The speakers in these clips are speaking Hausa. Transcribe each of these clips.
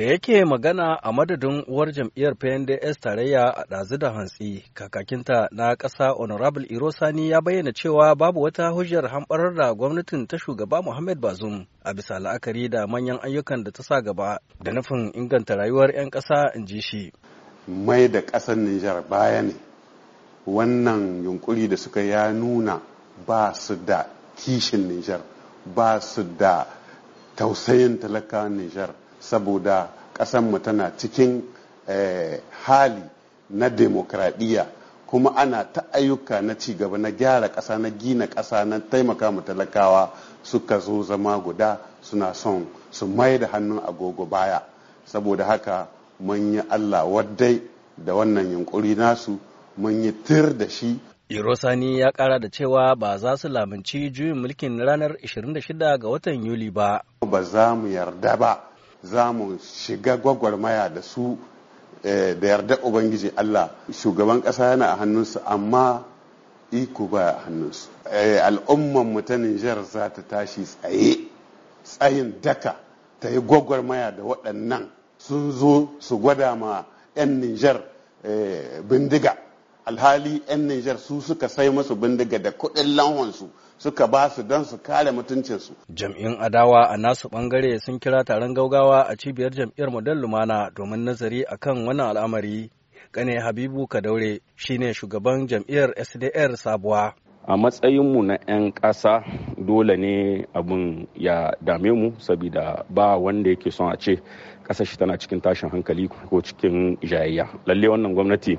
da yake magana a madadin uwar jam'iyyar PNDS tarayya a ɗazu da hantsi kakakinta na ƙasa honorable irosani ya bayyana cewa babu wata hujjar hamɓarar da gwamnatin ta shugaba muhammad bazum a bisa la'akari da manyan ayyukan da ta sa gaba da nufin inganta rayuwar 'yan ƙasa in ji shi mai da ƙasar nijar baya ne wannan yunkuri da suka ya nuna ba su da kishin nijar ba su da tausayin talakawan nijar saboda ƙasanmu tana cikin eh, hali na demokradiyya kuma ana ta ayyuka na cigaba na gyara ƙasa na gina ƙasa na taimaka mu talakawa suka zo zama guda suna son su mai da hannun agogo baya saboda haka mun yi allah waddai da wannan yunkuri nasu mun yi tir da shi Irosani ya kara da cewa ba za su lamunci juyin mulkin ranar 26 ga watan Yuli ba. Ba za mu yarda ba za mu shiga gwagwarmaya da su eh, da yarda ubangiji allah shugaban ƙasa yana a hannunsu amma iko ba a hannunsu eh, al'umman mu ta nijar za ta tashi tsaye tsayin daka ta yi gwagwarmaya da waɗannan sun zo su gwada ma 'yan nijar eh, bindiga alhali 'yan nijar su suka sai masu bindiga da kuɗin lahonsu suka ba su don su kare mutuncinsu. Jam'in adawa a nasu bangare sun kira taron gaugawa a cibiyar jam'iyyar Model Lumana domin nazari akan wannan al'amari. Kane Habibu Kadaure shine shugaban jam'iyyar SDR sabuwa. A matsayinmu na 'yan ƙasa dole ne abin ya dame mu saboda ba wanda yake son a ce ƙasar tana cikin tashin hankali ko cikin jayayya. Lalle wannan gwamnati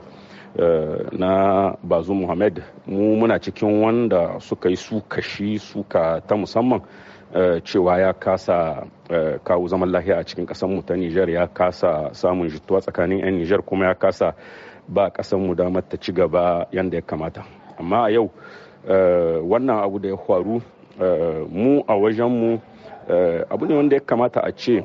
Eh, na bazu muhammad mu muna cikin wanda suka yi su kashi suka ta musamman eh, cewa ya kasa eh, kawo zaman lahiya a cikin mu ta nijar ya kasa samun jituwa tsakanin 'yan nijar kuma ya kasa ba mu damar ta ci gaba yadda ya kamata amma a yau wannan abu da ya faru mu a wajenmu abu ne wanda ya kamata a ce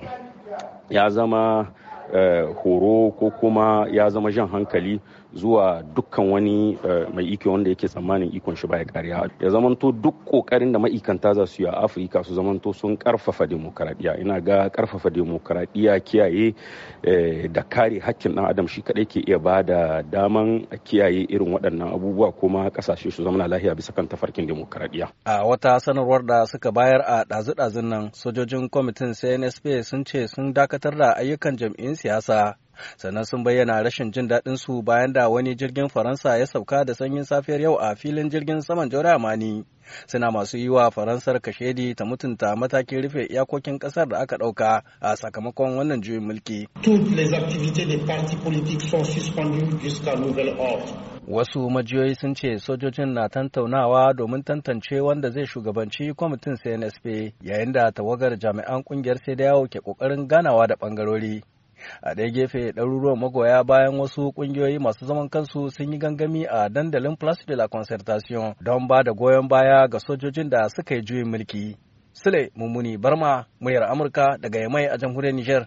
ya zama Eh, horo ko kuma ya zama jan hankali zuwa dukkan wani eh, mai iko wanda yake tsammanin ikon shi baya kariya ya zamanto duk kokarin da ma'ikanta za su yi a afirka su zamanto sun karfafa demokaradiyya ina ga karfafa demokaradiyya kiyaye eh, da kare hakkin dan adam shi kadai ke iya bada daman kiyaye irin waɗannan abubuwa kuma kasashe su zama lahiya bisa kan tafarkin demokaradiyya a wata sanarwar da suka bayar a ɗazu-ɗazun nan sojojin kwamitin cnsp sun ce sun dakatar da ayyukan jam'in siyasa sannan sun bayyana rashin jin daɗin su bayan da wani jirgin faransa ya sauka da sanyin safiyar yau a filin jirgin saman jora mani suna masu yi wa faransar kashedi ta mutunta matakin rufe iyakokin ƙasar da aka ɗauka a sakamakon wannan juyin mulki wasu majiyoyi sun ce sojojin na tantaunawa domin tantance wanda zai shugabanci kwamitin cnsp yayin da tawagar jami'an kungiyar sai da yawo ke ƙoƙarin ganawa da bangarori a ɗaya gefe ɗaruruwan magoya bayan wasu ƙungiyoyi masu zaman kansu sun yi gangami a dandalin place de la concertation don ba da goyon baya ga sojojin da suka yi juyin mulki sule mummuni barma muryar amurka daga yamai a jamhuriyar niger